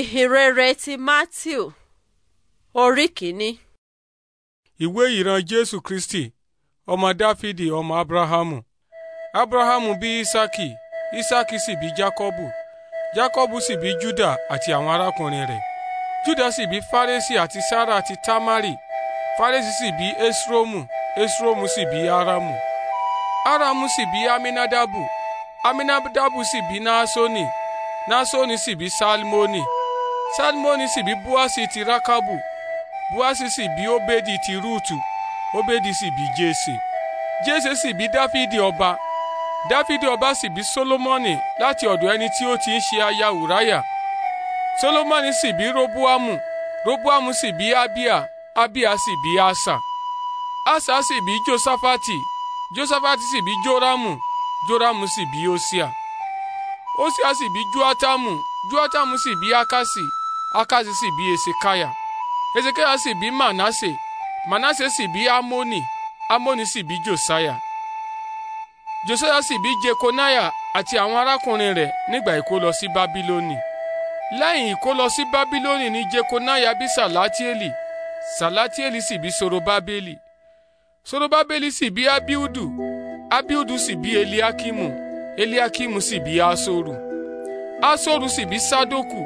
Ìhìnrere ti Matthew orí kìíní. Ìwé ìran Jésù Kristi ọmọ Dáfídì ọmọ Abrahamu. Abrahamu bí Isaki, Isaki sì bí Jacobu, Jacobu sì bí Júdà àti àwọn arákùnrin rẹ̀. Júdà sì bí Fárésì àti Sárà àti Támárì, Fárésì sì bí Esromu, Esromu sì bí Aramu, Aramu sì bí Aminadabu, Aminadabu sì bí Násónì, Násónì sì bí Salmoni salmoni sì bí buasi ti rakabu buasi sì bí obedi ti rutu obedi sì bí jese jese sì bí dáfídì ọba dáfídì ọba sì bí solomoni láti ọ̀dọ̀ ẹni tí ó ti ń ṣe aya ùráyà solomoni sì bí robuamu roboamu sì bí abia abia sì bí asa asa sì bí josafati josafati sì bí joramu joramu sì bí osia. Ósíà sì bí Jóátámù Jóátámù sì bí Ákásì akasi sì bí Esekáyà Esekáyà sì bí Mànásè Mànásè sì bí Ámónì amoni sì bí Jòsáyà Jòsáyà sì bí Jekonáyà àti àwọn arákùnrin rẹ̀ nígbà ìkó lọ sí Bábílónì lẹ́yìn ìkó lọ sí Bábílónì ni Jekonáyà bí Sàlátíélì Sàlátíélì sì bí Sorobábélì Sorobábélì sì bí Abiudu Abiudu sì bí Eliakimu eliakimu sì bí asoru asoru sì bí sadoku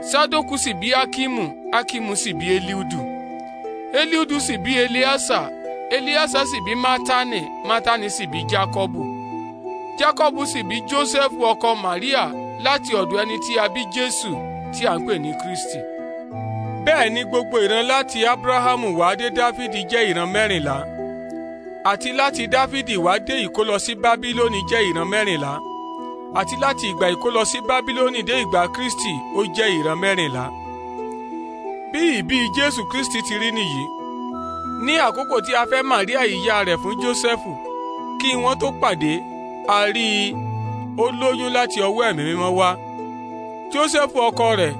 sadoku sì bí akimu akimu sì bí eliudu eliudu sì bí eliasa eliasa sì bí matani matani sì bí jakobu jakobu sì bí joseph ọkọ maria láti ọ̀dọ̀ ẹni tí a bí jésù tí a ń pè ní kristi bẹ́ẹ̀ ni gbogbo ìran láti abrahamu wá dé dáfídì jẹ́ ìran mẹ́rìnlá àti láti Dáfídì wá dé ìkólọ sí Bábílónì jẹ́ ìran mẹ́rìnlá àti láti ìgbà ìkólọ sí Bábílónì dé ìgbà Kristi ó jẹ́ ìran mẹ́rìnlá. bí ìbí Jésù Kristi ti rí nìyí ní àkókò tí a fẹ́ Màríà ìyá rẹ̀ fún Jósẹ́fù kí wọ́n tó pàdé a rí i ó lóyún láti ọwọ́ ẹ̀mí mímọ́ wá Jósẹ́fù ọkọ rẹ̀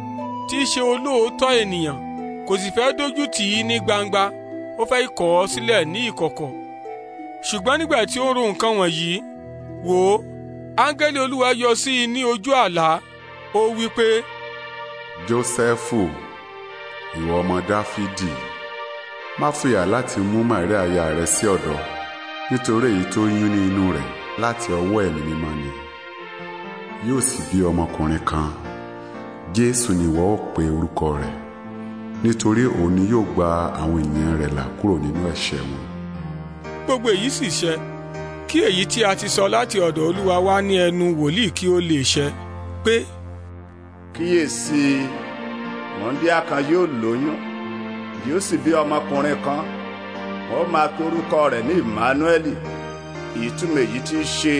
tí í ṣe olóòótọ́ ènìyàn kò sì fẹ́ dójú tì í ní gbangba ó fẹ́ kọ̀ ọ́ sílẹ̀ ní ìkọ̀kọ̀ ṣùgbọ́n nígbà tí ó ń ro nǹkan wọ̀nyí wò ó áńgẹ́lì olúwa yọ sí i ní ojú àlá ó wí pé. jósẹ́fù ìwọ ọmọ dáfídì má fìyà láti mú màrí aya rẹ sí ọ̀dọ̀ nítorí èyí tó yún ní inú rẹ̀ láti ọwọ́ ẹ̀mí mímọ́ ni yóò sì bí ọmọkùnrin kan jésù ni ìwọ pe orúkọ rẹ̀ nítorí òun ni yóò gba àwọn ènìyàn rẹ̀ là kúrò nínú ẹ̀ṣẹ̀ wọn gbogbo èyí sì ṣẹ kí èyí tí a ti sọ láti ọ̀dọ̀ olúwa wá ní ẹnu wòlíì kí ó lè ṣẹ pé. kíyèsí wòńdíá kan yóò lóyún yóò sì bí ọmọkùnrin kan ó máa pe orúkọ rẹ̀ ní Emmanuel ìtumọ̀ èyí tí í ṣe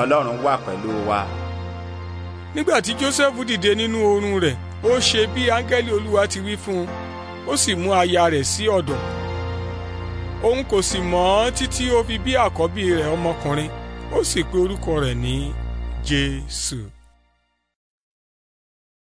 ọlọ́run wà pẹ̀lú wa. nígbà tí Jósẹ́fù dìde nínú oorun rẹ̀ ó ṣe bí áńgẹ́lì olúwa ti wí fún un ó sì mú aya rẹ̀ sí ọ̀dọ̀ òun kò sì mọ̀ ọ́n títí ó fi bí àkọ́bí rẹ̀ ọmọkùnrin ó sì pe orúkọ rẹ̀ ní Jésù.